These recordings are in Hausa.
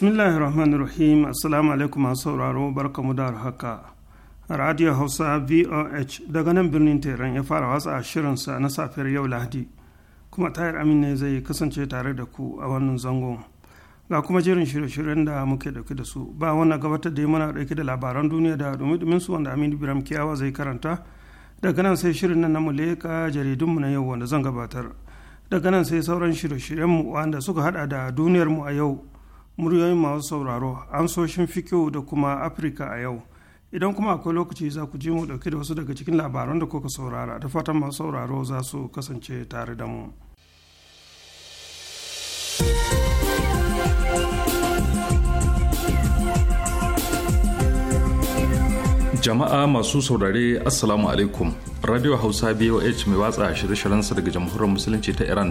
bismillahirrahmanirrahim assalamu alaikum masu sauraro barkamu da haka radio hausa voh daga nan birnin tehran ya fara watsa shirinsa na safiyar yau lahadi kuma tayar amin ne zai kasance tare da ku a wannan zangon ga kuma jerin shirye-shiryen da muke dauke da su ba wannan gabatar da muna dauke da labaran duniya da dumi su wanda aminu biram kiyawa zai karanta daga nan sai shirin nan na muleka jaridunmu na yau wanda zan gabatar daga nan sai sauran shirye-shiryenmu shiryen wanda suka hada da duniyarmu a yau muryoyin masu sauraro an soshin fikiyo da kuma afirka a yau idan kuma akwai lokaci za ku ji mu dauke da wasu daga cikin labaran da kuka saurara da fatan masu sauraro za su kasance tare da mu jama'a masu saurare assalamu alaikum radio hausa boh mai watsa shirye-shiryensa daga jamhuriyar musulunci ta iran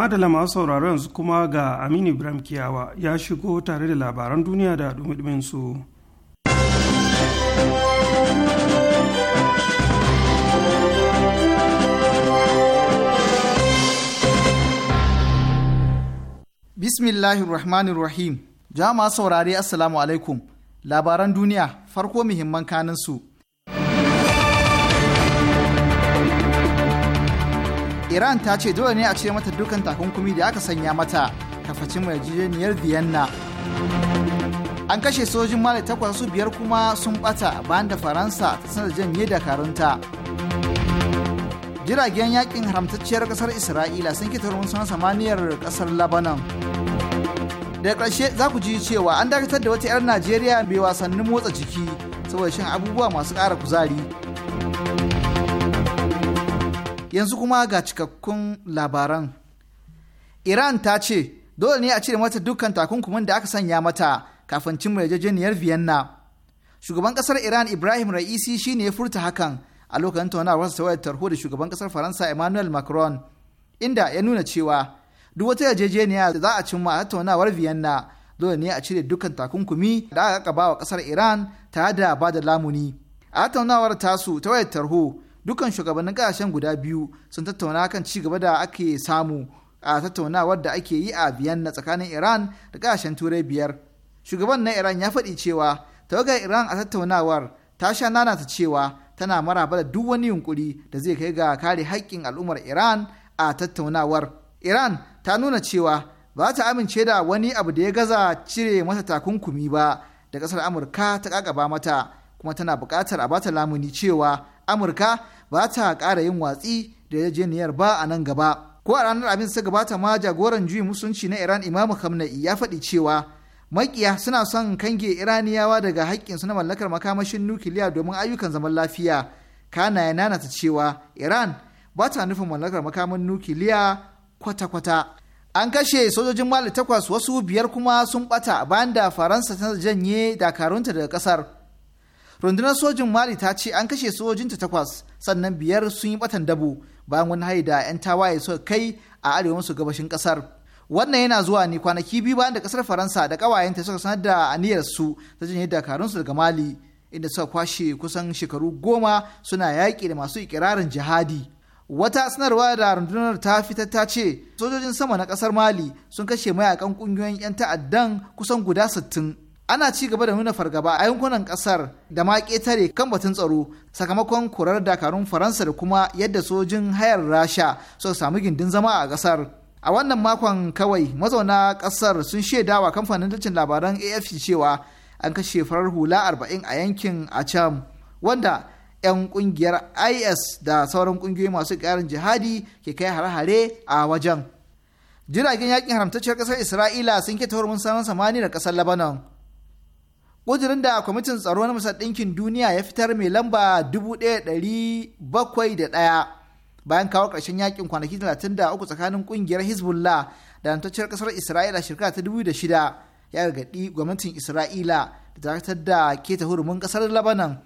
madala masu sauraro yanzu kuma ga aminu ibrahim kiyawa ya shigo tare da labaran duniya da dumi su. bismillahirrahmanirrahim rahim jama'a saurari assalamu alaikum labaran duniya farko muhimman kanin su iran ta ce dole ne a cire mata dukan takunkumi da aka sanya mata tafacin yarjejeniyar vienna an kashe sojin mali takwas su biyar kuma sun bata bayan da faransa ta sanar da dakarunta jiragen yakin haramtacciyar kasar isra'ila sun kitar sama samaniyar kasar labanan da ƙarshe za ku ji cewa an dakatar da wata 'yar najeriya mai wasannin motsa jiki saboda shan abubuwa masu ƙara kuzari yanzu kuma ga cikakkun labaran iran ta ce dole ne a cire mata dukkan takunkumin da aka sanya mata kafin cin yarjejeniyar vienna shugaban kasar iran ibrahim ra'isi shine ya furta hakan a lokacin tattaunawar sa wayar tarho da shugaban kasar faransa emmanuel macron inda ya nuna cewa duk wata yarjejeniya da za a cimma a tattaunawar vienna dole ne a cire dukkan takunkumi da aka ba wa kasar iran tare da ba da lamuni a tattaunawar tasu ta wayar tarho dukkan shugabannin kasashen guda biyu sun tattauna kan ci gaba da ake samu a tattaunawar da ake yi a na tsakanin iran da kasashen turai biyar shugaban na iran ya faɗi cewa tawagar iran a tattaunawar ta sha nanata cewa tana maraba da duk wani yunkuri da zai kai ga kare haƙƙin al'ummar iran a tattaunawar iran ta nuna cewa ba ta amince da wani abu da ya gaza cire mata takunkumi ba da ƙasar amurka ta ƙaƙaba mata kuma tana buƙatar a bata lamuni cewa amurka ba ta ƙara yin watsi da yarjejeniyar ba a nan gaba ko a ranar abin su gabata ma jagoran juyi musulunci na iran Imam Khamenei ya faɗi cewa makiya suna son kange iraniyawa daga su na mallakar makamashin nukiliya domin ayyukan zaman lafiya kana ya nanata cewa iran ba ta nufin mallakar makaman nukiliya kwata-kwata an kashe sojojin mali takwas wasu biyar kuma sun bata bayan da faransa ta janye dakarunta daga kasar rundunar sojin mali ta ce an kashe sojinta takwas sannan biyar sun yi batan dabo bayan wani haida da 'yan tawaye suka kai a arewa su gabashin kasar wannan yana zuwa ne kwanaki biyu bayan da kasar faransa da kawayenta suka sanar da aniyar su ta janye dakarunsu daga mali inda suka kwashe kusan shekaru goma suna yaƙi da masu ikirarin jihadi wata sanarwa da rundunar ta fitar ta ce sojojin sama na kasar mali sun kashe mayakan ƙungiyoyin 'yan ta'addan kusan guda sittin. ana ci gaba da nuna fargaba a yankunan kasar da ma ketare kan batun tsaro sakamakon korar dakarun faransa da kuma yadda sojin hayar rasha suka samu gindin zama a kasar a wannan makon kawai mazauna kasar sun shaidawa kamfanin dacin labaran afc cewa an kashe farar hula 40 a yankin a acham wanda 'yan kungiyar is da sauran kungiyoyi masu ƙarin jihadi ke kai hare-hare a wajen jiragen yakin haramtacciyar kasar isra'ila sun ke taurun saman samani da kasar lebanon ƙudurin da kwamitin tsaro na masar ɗinkin duniya ya fitar mai lamba 1,701 bayan kawo ƙarshen yakin kwanaki 33 tsakanin ƙungiyar hezbollah da antacciyar ƙasar isra'ila shekara ta 2006 ya gargaɗi gwamnatin isra'ila da dakatar da keta hurumin ƙasar labanan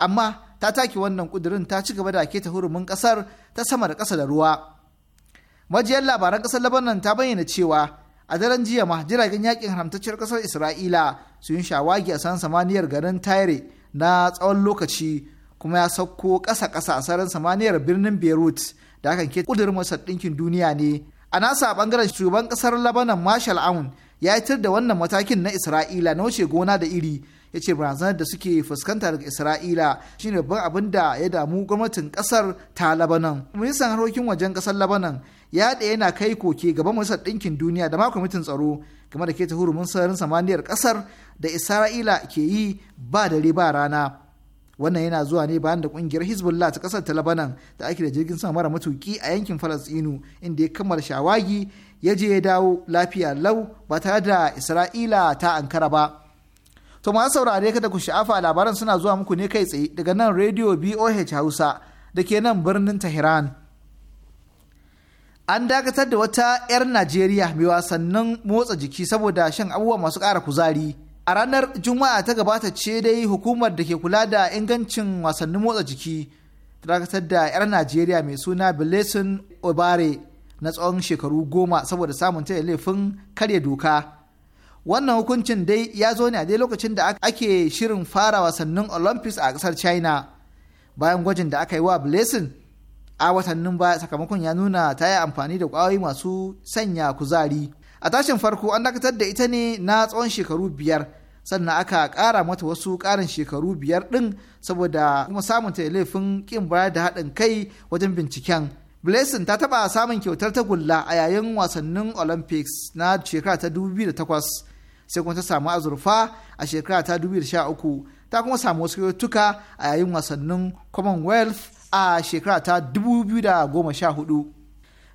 amma ta take wannan ƙudurin ta ci gaba da keta hurumin ƙasar ta sama da ƙasa da ruwa majiyar labaran ƙasar labanan ta bayyana cewa a daren jiya ma jiragen yakin haramtacciyar kasar isra'ila sun shawagi a san samaniyar garin taire na tsawon lokaci kuma ya sauko ƙasa-ƙasa a sararin samaniyar birnin beirut da hakan ke kudurin masar ɗinkin duniya ne a nasa bangaren shugaban ƙasar labanan marshal aun ya yi da wannan matakin na isra'ila na wuce gona da iri ya ce barazanar da suke fuskanta daga isra'ila shine babban abin da ya damu gwamnatin ƙasar ta labanan ministan harkokin wajen ƙasar labanan ya yana kai koke gaban majalisar ɗinkin duniya da mako kwamitin tsaro game da keta hurumin sararin samaniyar ƙasar da isra'ila ke yi ba dare ba rana wannan yana zuwa ne bayan da kungiyar hezbollah ta ƙasar ta da ake da jirgin sama mara matuki a yankin falastinu inda ya kammala shawagi ya je ya dawo lafiya lau ba tare da isra'ila ta ankara ba to masu saurare kada ku sha'afa labaran suna zuwa muku ne kai tsaye daga nan rediyo boh hausa da ke nan birnin tehran an dakatar da wata 'yar Najeriya mai wasannin motsa jiki saboda shan abubuwa masu ƙara kuzari. A ranar Juma'a ta gabata ce dai hukumar da ke kula da ingancin wasannin motsa jiki ta dakatar da 'yar Najeriya mai suna Blessing Obare na tsawon shekaru goma saboda samun ta laifin karya doka. Wannan hukuncin dai ya zo ne a dai lokacin da ake shirin fara wasannin Olympics a ƙasar China. Bayan gwajin da aka yi wa Blessing a watannin baya sakamakon ya nuna ta yi amfani da kwayoyi masu sanya kuzari a tashin farko an dakatar da ita ne na tsawon shekaru biyar sannan aka kara mata wasu ƙarin shekaru biyar ɗin saboda kuma samun ta laifin kin bayar da haɗin kai wajen binciken blessing ta taɓa samun kyautar tagulla a yayin wasannin olympics na shekara ta 2008 sai kuma ta samu azurfa a shekara ta 2013 ta kuma samu wasu kyautuka a yayin wasannin commonwealth a shekara ta 2014.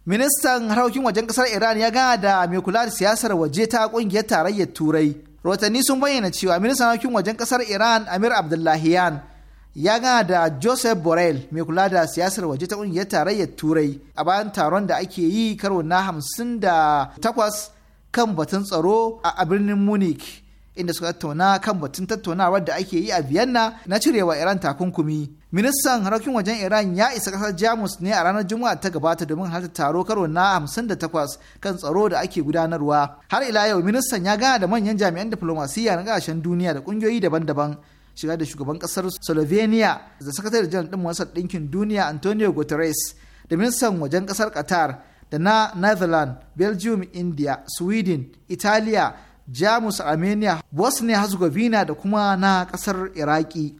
Ministan harkokin wajen kasar Iran ya gana da mai kula da siyasar waje ta kungiyar tarayyar Turai. Rotanni sun bayyana cewa ministan harkokin wajen kasar Iran Amir Abdullahiyan ya gana da Joseph Borrell mai kula da siyasar waje ta kungiyar tarayyar Turai a bayan taron da ake yi karo na 58 kan batun tsaro a birnin Munich. inda suka tattauna kan batun tattaunawar da ake yi a Vienna na cirewa Iran takunkumi. Ministan harkokin wajen Iran ya isa kasar Jamus ne a ranar Juma'a ta gabata domin halarta taro karo na 58 kan tsaro da ake gudanarwa. Har ila yau ministan ya gana da manyan jami'an diplomasiya na kasashen duniya da kungiyoyi daban-daban. Shiga da shugaban kasar Slovenia da sakatare janar din Majalisar Ɗinkin Duniya Antonio Guterres da ministan wajen kasar Qatar da na Netherlands, Belgium, India, Sweden, Italiya, jamus armenia bosnia herzegovina da kuma na kasar iraki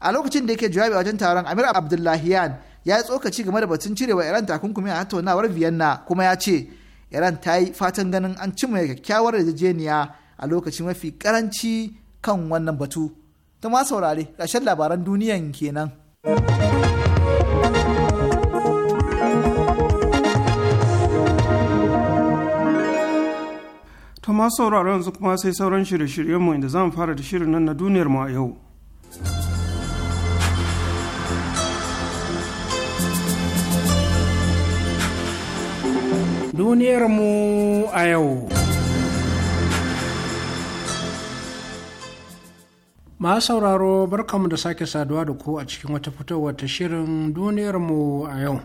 a lokacin da yake jawabi a wajen taron amir abdullahiyan ya yi tsokaci game da batun cirewa iran takunkumi a tattaunawar vienna kuma ya ce iran ta yi fatan ganin an cimma kyakkyawar yarjejeniya a lokaci mafi karanci kan wannan batu ta ma saurare ƙarshen labaran duniyan kenan. ta masu sauraro yanzu kuma sai sauran shirye-shiryenmu inda zan fara da shirin nan na duniyar mu a yau. Duniyar mu a yau. ma sauraro barkamu da sake saduwa da ku a cikin wata fitowar ta shirin duniyar mu a yau.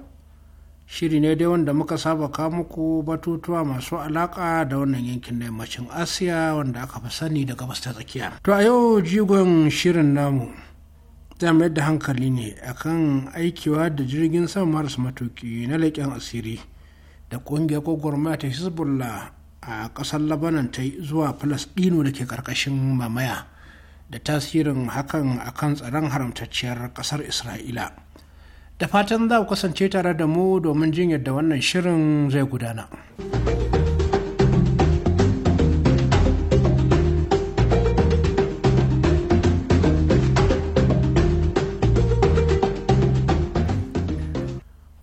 shiri ne dai wanda muka saba ka muku batutuwa masu alaka da wannan yankin na yammacin asiya wanda aka fi sani da gabas ta tsakiya to a yau jigon shirin namu za mai da hankali ne akan aikiwa da jirgin sama maras matuki na leƙen asiri da ƙungiyar gwagwarmaya ta hezbollah a ƙasar labanan ta zuwa falasɗinu da ke ƙarƙashin mamaya da tasirin hakan akan tsaron haramtacciyar ƙasar isra'ila da fatan za ku kasance tare da mu domin jin yadda wannan shirin zai gudana.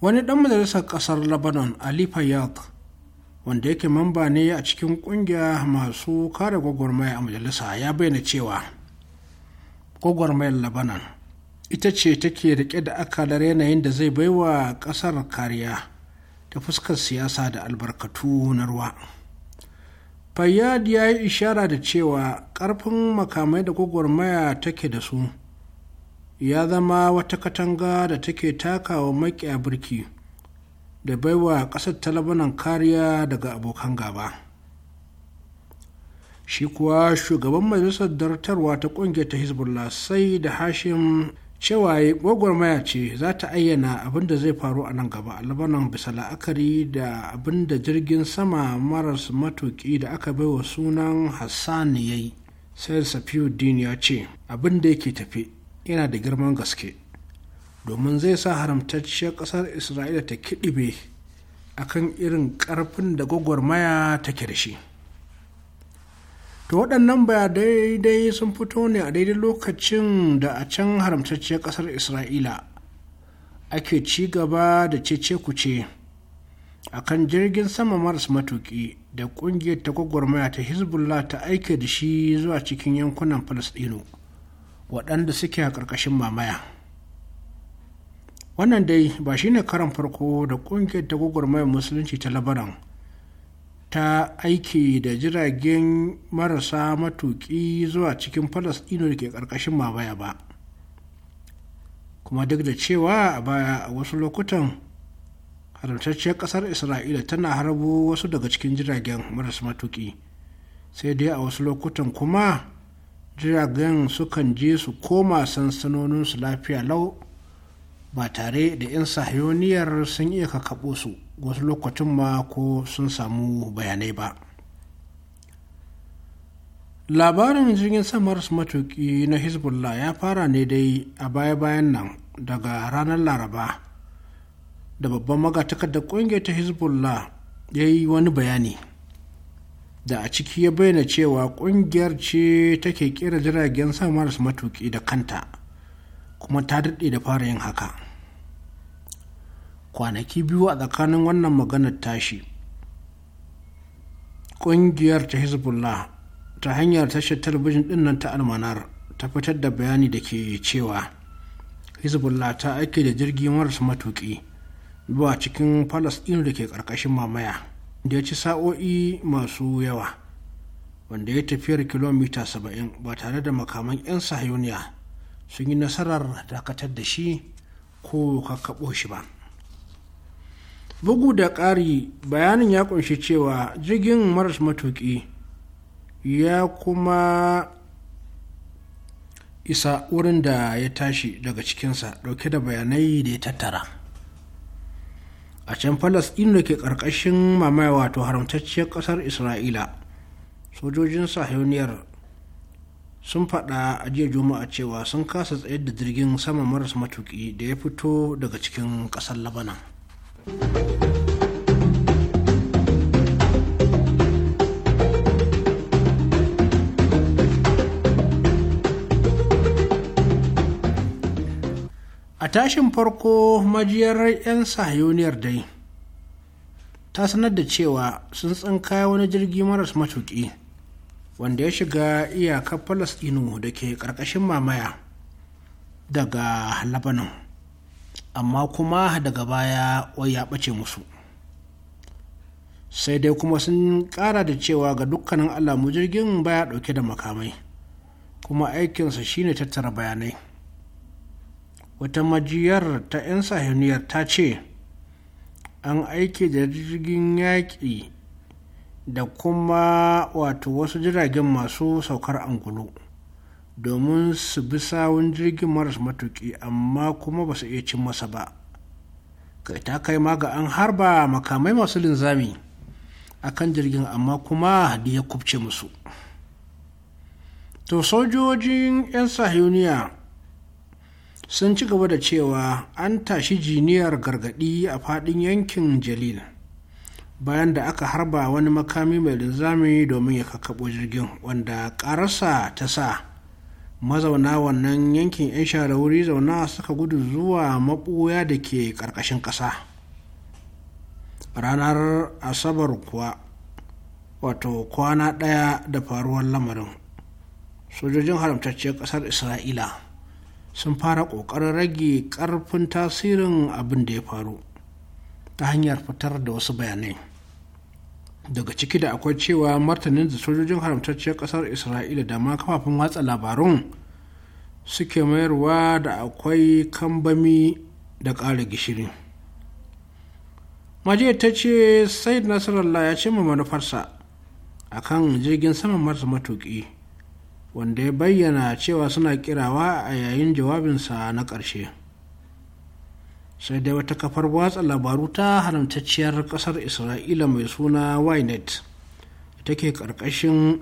wani ɗan majalisar ƙasar lebanon ali fayyad wanda yake mamba ne a cikin ƙungiya masu kare gwagwarmaya a majalisa ya bayyana cewa gwagwarmayar lebanon ita ce take rike da akalar yanayin da zai baiwa kasar kariya ta fuskar siyasa da albarkatu na ruwa fayyad ya yi ishara da cewa karfin makamai da gwagwarmaya take da su ya zama wata katanga da take takawa maƙiya birki da baiwa ƙasar talabanan kariya daga abokan gaba shi kuwa shugaban majalisar dartarwa ta ƙungiyar ta hezbollah sai da hashim cewa gwagwarmaya ce za ta ayyana abin da zai faru a nan gaba a bisa la'akari da abin da jirgin sama maras matuki da aka bai wa sunan hassan ya yi sayar din ya ce abin da yake tafi yana da girman gaske domin zai sa haramtacciyar ƙasar isra'ila ta kiɗibe akan irin ƙarfin da gwagwarmaya take da shi To waɗannan ba daidai sun fito ne a daidai lokacin da a can haramtacciyar ƙasar Isra'ila ake ci gaba da cece kuce a kan jirgin sama maras matuƙi da ƙungiyar ta gwagwarmaya ta Hezbollah ta aike da shi zuwa cikin yankunan Falasɗinu waɗanda suke a ƙarƙashin mamaya. Wannan dai ba shine karan farko da ƙungiyar ta gwagwarmayar Musulunci ta Labaran. ta aiki da jiragen marasa matuƙi zuwa cikin falasɗino da ke ƙarƙashin baya ba kuma duk da cewa a baya a wasu lokutan haramtacciyar ƙasar isra'ila tana harbo wasu daga cikin jiragen marasa matuƙi sai dai a wasu lokutan kuma jiragen sukan je su koma sansanoninsu lafiya lau ba tare da 'yan sahiyoniyar sun iya kakaɓo su wasu lokacin ma ko sun samu bayanai ba labarin jirgin samar matuki na hezbollah ya fara ne dai a baya-bayan nan daga ranar laraba da babban magatakardar kungiyar ta hezbollah ya yi wani bayani da a ciki ya bayyana cewa kungiyar ce take kera jiragen samar matuki da kanta kuma ta daɗe da fara yin haka kwanaki biyu a tsakanin wannan maganar tashi ƙungiyar ta hezbollah ta hanyar tashar talabijin ɗinnan ta almanar ta fitar da bayani da ke cewa hezbollah ta aike da jirgi marasa matuƙi zuwa cikin falasɗinu da ke ƙarƙashin mamaya da ya ci sa'o'i masu yawa wanda ya tafiyar kilomita 70 ba tare da makaman 'yan sahayuniya sun yi nasarar dakatar da shi ko kakkaɓo shi ba. bugu da ƙari bayanin ya kunshi cewa jirgin maras matuƙi ya kuma isa wurin da ya tashi daga cikinsa ɗauke da bayanai da ya tattara a can falasɗinu da ke ƙarƙashin mamaya wato haramtacciyar ƙasar isra'ila sojojin sahiyoniyar sun faɗa a jiya juma'a cewa sun kasa tsayar da jirgin sama maras matuki da ya fito daga cikin ƙasar labanan a tashin farko majiyar 'yan sahayoniyar dai ta sanar da cewa sun tsinka wani jirgi maras matuƙi wanda ya shiga iyakar falasɗinu da ke ƙarƙashin mamaya daga labanon amma kuma daga baya wai ya ɓace musu sai dai kuma sun ƙara da cewa ga dukkanin alamu jirgin baya ɗauke da makamai kuma aikinsa shine tattara bayanai wata majiyar ta 'yan sahiniyar ta ce an aiki da jirgin yaƙi da kuma wato wasu jiragen masu saukar angulu. domin su bi sawun jirgin maras matuki amma kuma ba su iya cin masa ba kai ta kai ma ga an harba makamai masu linzami a kan jirgin amma kuma da ya kubce musu to sojojin 'yan sahiyuniya sun ci gaba da cewa an tashi jiniyar gargadi a fadin yankin jalil bayan da aka harba wani makami mai linzami domin ya kakkaɓo jirgin wanda ƙararsa ta sa mazauna wannan yankin 'yan share wuri zauna suka gudu zuwa maɓuya da ke ƙarƙashin ƙasa ranar asabar kuwa wato kwana ɗaya da faruwar lamarin sojojin haramtacciyar ƙasar isra'ila sun fara ƙoƙarin rage ƙarfin tasirin abin da ya faru ta hanyar fitar da wasu bayanai daga ciki da akwai cewa martanin da sojojin haramtacciyar kasar isra'ila da ma kafafen watsa labarun suke mayarwa da akwai kambami da ƙara gishiri majiyar ta ce said nasarallah ya ce ma manufarsa a kan jirgin saman marasa matuƙi wanda ya bayyana cewa suna kirawa a yayin jawabinsa na ƙarshe sai dai wata kafar watsa labaru ta haramtacciyar kasar isra'ila mai suna ynet take karkashin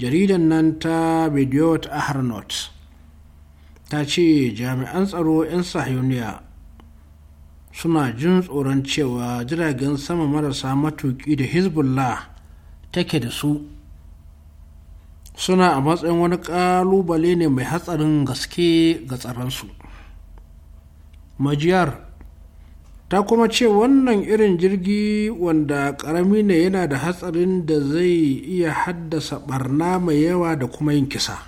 jaridan nan ta bediot aharnot ta ce jami'an tsaro 'yan sahiyoniya suna jin tsoron cewa jiragen sama marasa matuki da hezbollah take da su suna a matsayin wani ƙalubale ne mai hatsarin gaske ga tsaronsu majiyar ta kuma ce wannan irin jirgi wanda karami ne yana da hatsarin da zai iya haddasa barna mai yawa da kuma yin kisa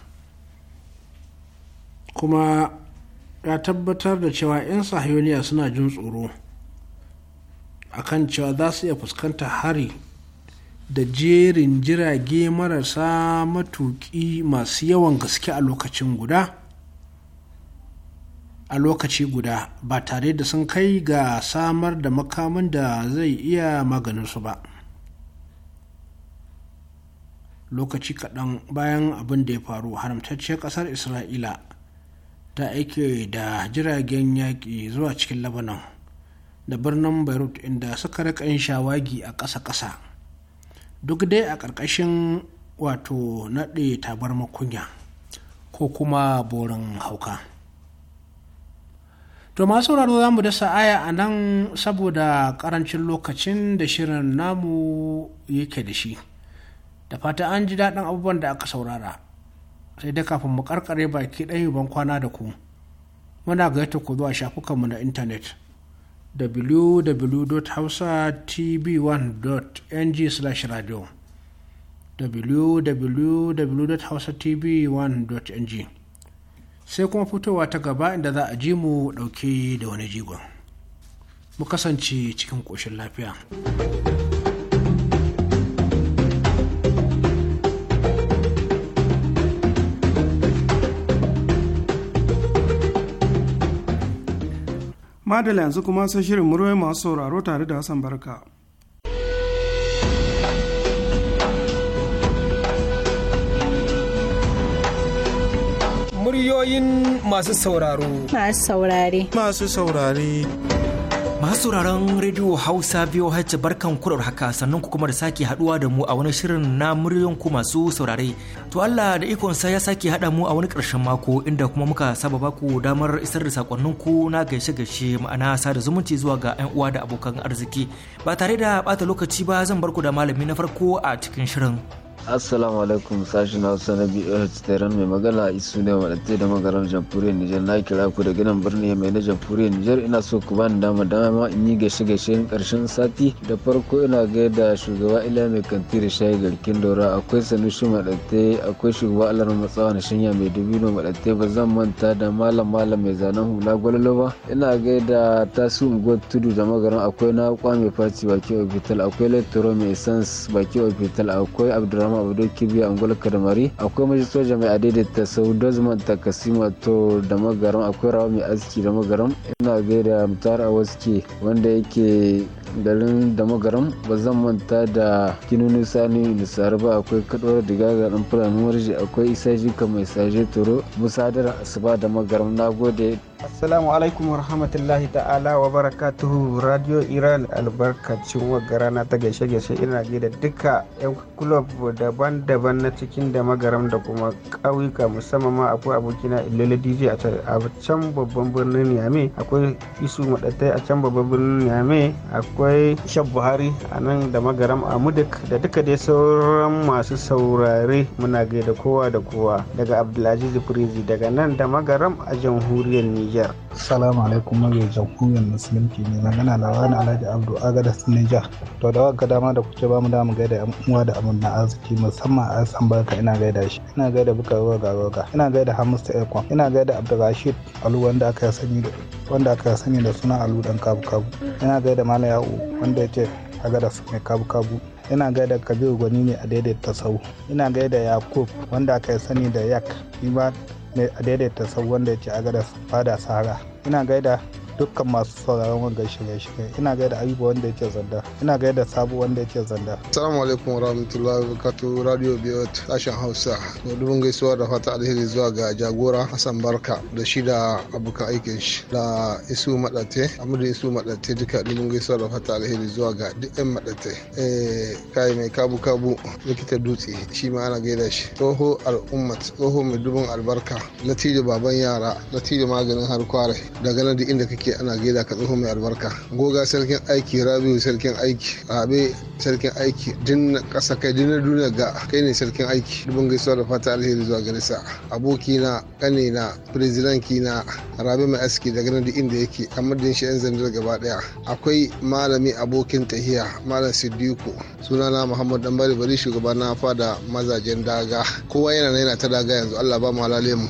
kuma ya tabbatar da cewa 'yan sahiyoniya suna jin tsoro a kan cewa za su iya fuskanta hari da jerin jirage marasa matuki masu yawan gaske a lokacin guda a lokaci guda ba tare da sun kai ga samar da makamin da zai iya maganin su ba lokaci kaɗan bayan abin da ya faru haramtacciyar ƙasar isra'ila ta aike da jiragen yaƙi zuwa cikin labanan da birnin beirut inda suka raka yin shawagi a ƙasa-ƙasa duk dai a ƙarƙashin wato naɗe tabar makunya ko kuma borin hauka. To masu sauraro za mu dasa aya a nan saboda karancin lokacin da shirin namu yake da shi. Da fata an ji daɗin abubuwan da aka saurara. Sai dai kafin mu karkare baki ɗaya ban kwana da ku. Muna gaita ku zuwa shafukanmu na intanet www.hausatv1.ng/radio www.hausatv1.ng sai kuma fitowa ta gaba inda za a ji mu dauke da wani jigon mu kasance cikin koshin lafiya madala yanzu kuma sai shirin murwai masu sauraro tare da hassan barka Muryoyin masu sauraro. Masu saurare. Masu saurare. Masu sauraron rediyo Hausa biyu hajji barkan kurar haka sannan ku kuma da sake haduwa da mu a wani shirin na muryoyin ku masu saurare. To Allah da ikon sa ya sake hada mu a wani karshen mako inda kuma muka saba baku damar isar da sakonnin ku na gaishe gaishe ma'ana sada zumunci zuwa ga ƴan uwa da abokan arziki. Ba tare da bata lokaci ba zan bar ku da malami na farko a cikin shirin. assalamu alaikum sashen hausa na biyu taron mai magana isu ne wadatai da magarar jamhuriyar nijar na kira ku da gidan birni mai na jamhuriyar nijar ina so ku bani dama dama in yi gashe gaishe karshen sati da farko ina gaida shugaba ila mai kantiri shayi garkin dora akwai sanushi madatai akwai shugaba alar matsawa na shanya mai dubino madatai ba zan manta da malam malam mai zanen hula gwalolo ba ina gaida tasu unguwar tudu da magaran akwai na kwame faci baki ofital akwai lettoro mai sans baki ofital akwai abdurrahman Ibrahim Abdul Kibiya Angol Kadamari akwai maji soja mai adaidaita sau Dozman Takasima to da magaram akwai rawa mai aski da magaram ina gaida mutar a wanda yake garin da magaram ba zan manta da kinunu sani nisari ba akwai kaduwar diga ga dan fulani warji akwai isa jika mai saje turo musadar asuba da magaram na gode Assalamu alaikum warahmatullahi ta'ala wa barakatuhu Radio Iran albarkacin rana ta gaishe-gaishe ina da duka 'yan kulob daban-daban na cikin da magaram da kuma kauyuka musamman ma akwai abokina Ilele DJ a can babban birnin yame akwai Isu Madatai a can babban birnin yame akwai akwai shab buhari a nan da magaram a mudik da duka dai sauran masu saurare muna gaida kowa da kowa daga abdulaziz prezi daga nan da magaram a jamhuriyar ni'jar. Assalamu alaikum mai kungiyar musulunci ne magana wani Alhaji Abdu Agada Sinija. To da waka dama da kuke bamu dama gaida yan uwa da amurna arziki musamman a san barka ina gaida shi. Ina gaida buka roga roga. Ina gaida Hamisu Ekwan. Ina gaida Abdulrashid Alu wanda aka sani da wanda aka sani da suna Alu dan kabu kabu. Ina gaida Malam Ya'u wanda yake Agada mai kabu kabu. ina gaida kabiru gwani ne a daidaita sau ina gaida yakub wanda aka sani da yak ni ba mai daidaita sau wanda ya ci a gada fada sahara ina gaida dukkan masu sauraron wanga shirye-shirye ina gaida abubuwa wanda yake zanda ina gaida sabu wanda yake zanda assalamu alaikum wa rahmatullahi wa barakatu radio biot ashan hausa to dubin gaisuwa da fata alheri zuwa ga jagora hassan barka da shi da abokan aikin shi da isu madate amadu isu madate duka dubin gaisuwa da fata alheri zuwa ga duk yan madate eh, kai mai kabu kabu likita dutse shi ma ana gaida shi tsoho al'umma tsoho mai dubin albarka na natijo baban yara na natijo maganin har kware daga nan inda kake aiki ana gaida ka tsoho mai albarka goga sarkin aiki rabiu sarkin aiki abe sarkin aiki dinna kasa kai dinna duniya ga kai ne sarkin aiki dubin gaisuwa da fata alheri zuwa gare sa aboki na kane na ki na rabi mai aski daga nan duk inda yake a shi yan zandar gaba daya akwai malami abokin tahiya malam siddiku sunana muhammad dan bari bari shugaba na fada mazajen daga kowa yana yana ta daga yanzu allah ba mu halale mu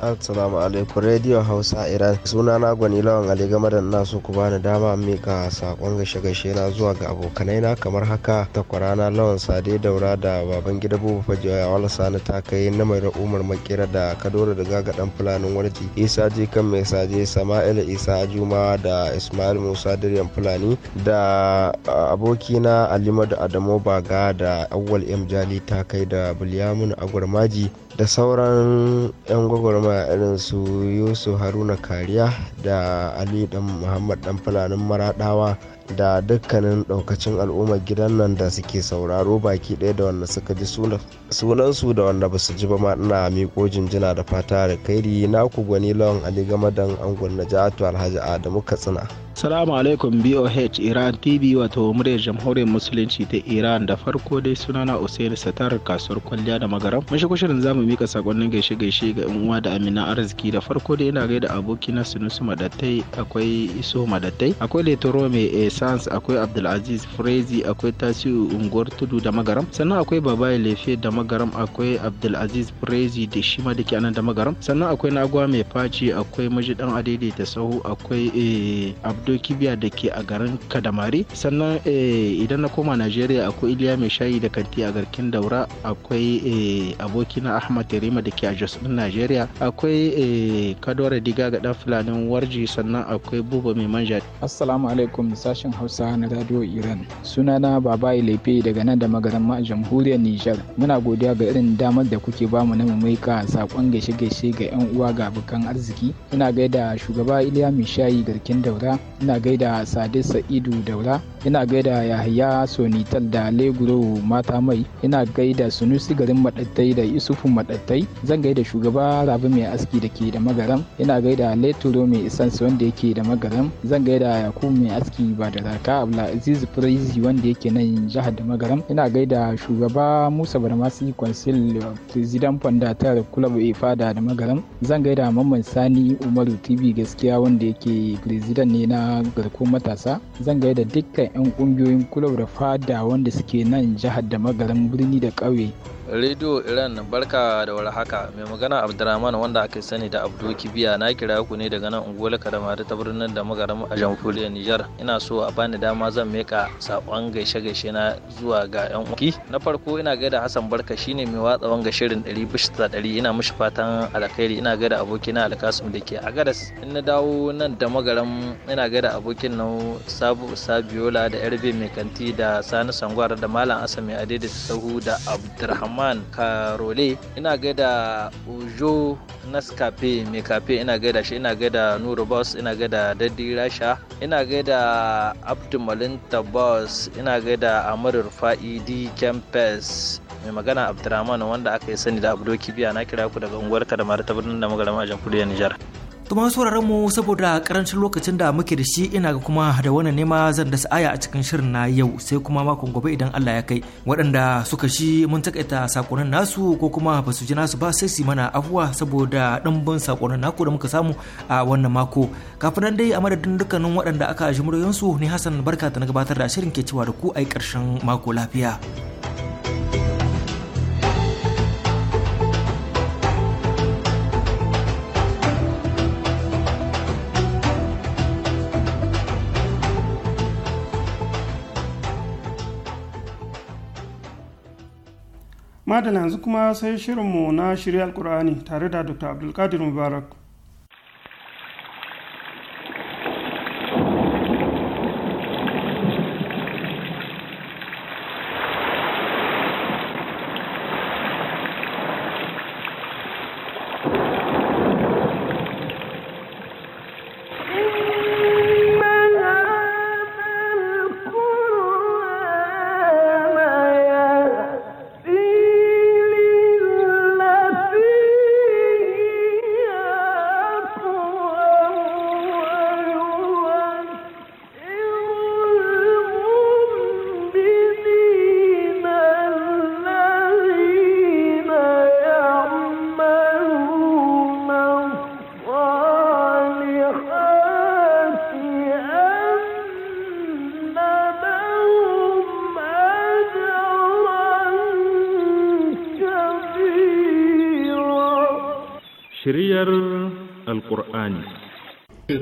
Assalamu alaikum Radio Hausa Iran. Suna na gwani lawan Ali game da ina so ku bani dama mika sakon gashe gashe na zuwa ga abokanai na kamar haka na lawan Sade Daura da baban gida Bubu Fajiya wala sani ta kai na mai Umar makira da Kadoro da Gaga dan Fulanin Warji. Isa Jikan mai Saje Sama'il Isa Juma da Ismail Musa Diryan Fulani da abokina Alimadu Adamu Baga da Awwal M Jali ta kai da Bulyamun Agurmaji da sauran 'yan gwagwarma irin su yusuf haruna kariya da ali dan muhammad dan fulanin maradawa da dukkanin daukacin al'ummar gidan nan da suke sauraro baki ɗaya da wanda suka ji sunansu da wanda ba su ji ba ma ina miƙo jinjina da fata da kairi na ku gwani lawan ali gamadan angon najatu alhaji adamu katsina Salamu alaikum BOH Iran TV wato muryar jamhuriyar musulunci ta Iran da farko dai sunana Usaini Satar kasuwar kwalliya da magaram. Mun shigo shirin zamu mika sakonnin gaishe gaishe ga yan uwa da amina arziki da farko dai ina gaida aboki na Sunusu Madattai akwai Iso Madattai akwai Letoro mai Essence akwai Abdulaziz Frezi akwai Tasiu Unguwar Tudu da magaram sannan akwai Babaye Lefe da magaram akwai Abdulaziz Frezi da shi ma dake anan da magaram sannan akwai Nagwa mai Faci akwai Adede da Sahu akwai eh, Abdul Kibiya da ke a garin kadamari sannan eh, idan na koma najeriya akwai iliya mai shayi da kanti a garkin daura akwai eh, abokina ahmad terima da ke a jos din najeriya akwai eh, kadore diga ga dan fulanin warji sannan akwai buba mai manja assalamu alaikum sashen hausa na radio iran sunana baba Ilefe daga nan da magaran ma jamhuriyar nijar muna godiya ga irin damar da kuke bamu na mamaika sakon gaishe-gaishe ga yan uwa ga abokan arziki ina gaida shugaba iliya mai shayi garkin daura ina gaida sade sa'idu daura ina gaida yahaya sonital da leguro mata mai ina gaida sunusi garin madattai da yusufu madattai zan gaida shugaba rabi mai aski da ke da magaram ina gaida leturo mai isansu wanda yake da magaram zan gaida yakubu mai aski ba da raka aziz prezi wanda yake nan jihar da magaram ina gaida shugaba musa barmasi consul president fondatar club ifada da magaram zan gaida mamman sani umaru tv gaskiya wanda yake president ne na garkuwar matasa zan gaida da dukkan 'yan kungiyoyin kulob da fada wanda suke nan jihar da magarin birni da ƙauye Radio Iran barka da haka mai magana Abdurrahman wanda aka sani da abdu Kibiya na kira ku ne daga nan unguwar kadamari ta birnin da magaram a Jamhuriyar Nijar ina so a bani dama zan meka sakon gaishe gaishe na zuwa ga yan uki na farko ina gaida Hassan Barka shine mai watsa wanga shirin ɗari ina mishi fatan alkhairi ina gaida abokina Alkasim dake a Gadas in na dawo nan da magaram ina gaida abokin nan Sabu Sabiola da Yarbe mai kanti da Sani Sangwar da Malam Asami Adede Sahu da Abdurrahman abdurrahman karole ina gaida ujo nascafe mai kafe ina gaida shi ina gaida nuru boss ina gaida dadi rasha ina gaida abdulmalin tabbas ina gaida amadu rufa'i d Campus mai magana abdulrahman wanda aka yi sani da abdoki Kibiya na kira ku daga unguwar kadamar ta birnin da magalama jamhuriyar nijar tuma masu sauraron mu saboda karancin lokacin da muke da shi ina ga kuma da wannan nema zan da aya a cikin shirin na yau sai kuma makon gobe idan Allah ya kai waɗanda suka shi mun takaita sakonin nasu ko kuma ba su ji nasu ba sai su mana afuwa saboda ɗimbin sakonin naku da muka samu a wannan mako kafin nan dai a madadin dukkanin waɗanda aka ji muryoyinsu ni Hassan barka ta na gabatar da shirin ke cewa da ku ai ƙarshen mako lafiya. madana yanzu kuma sai shirinmu na shirya alkur'ani tare da dr abdulkadir mubarak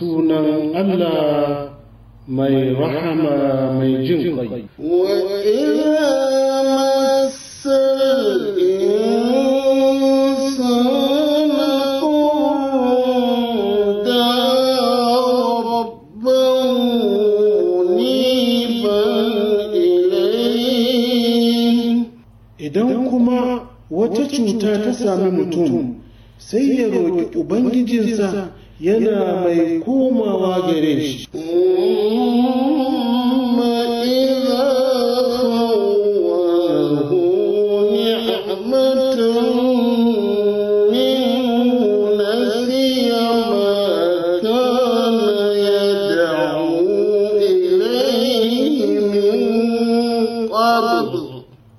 سونا ألا مي رحم مي جنقي وإذا مس الإنسان دعا ربه نيبا إليه إذا كما yana mai komawa gare shi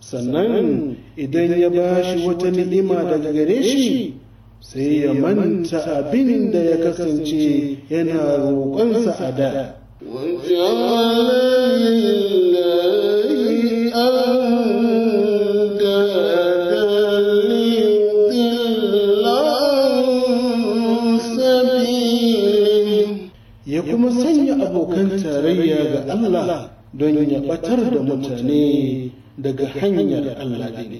sannan idan ya bashi wata ni'ima daga gare shi sai ya manta abin da ya kasance yana roƙonsa a da. Ya kuma sanya abokan tarayya ga Allah don ya batar da mutane daga hanyar Allah ne.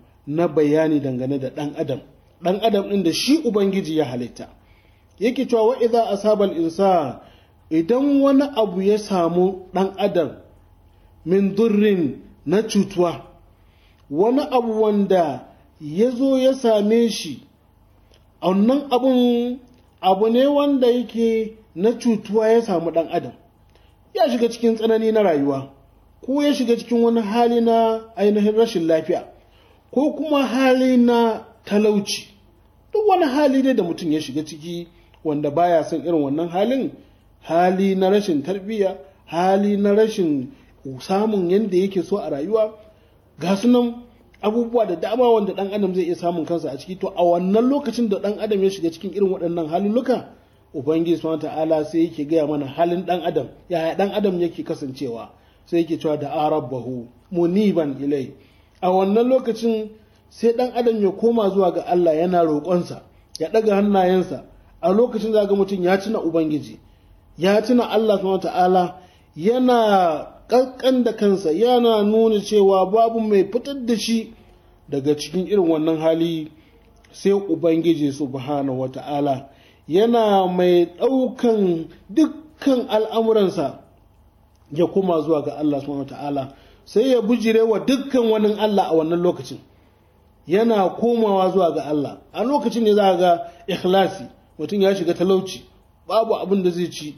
na bayani dangane da ɗan adam ɗan adam ɗin da shi ubangiji ya halitta yake cewa wa idza asabal insa, idan wani abu ya samu ɗan adam min durrin na cutuwa wani abu wanda ya zo ya same shi wannan abun abu ne wanda yake na cutuwa ya samu ɗan adam ya shiga cikin tsanani na rayuwa ko ya shiga cikin wani hali na ainihin rashin lafiya ko kuma hali na talauci duk wani hali ne da mutum ya shiga ciki wanda baya son irin wannan halin hali na rashin tarbiyya hali na rashin samun yadda yake so a rayuwa ga sunan abubuwa da dama wanda dan adam zai iya samun kansa a ciki to a wannan lokacin da dan adam ya shiga cikin irin waɗannan halulluka ubangiji subhanahu ta'ala sai yake gaya mana halin dan adam yaya dan adam yake kasancewa sai yake cewa da arabbahu muniban ilai a wannan lokacin sai ɗan adam ya koma zuwa ga Allah yana roƙonsa ya ɗaga hannayensa a lokacin zaga mutum ya tuna ubangiji ya tuna Allah subhanahu ta'ala yana ƙanƙan da kansa yana nuna cewa babu mai fitar da shi daga cikin irin wannan hali sai ubangiji subhanahu ta'ala yana mai ɗaukan dukkan al'amuransa ya koma zuwa ga Allah subhanahu ta'ala sai ya bujire wa dukkan wani Allah a wannan lokacin yana komawa zuwa ga Allah a lokacin ne za ga ikhlasi mutum ya shiga talauci babu abin da zai ci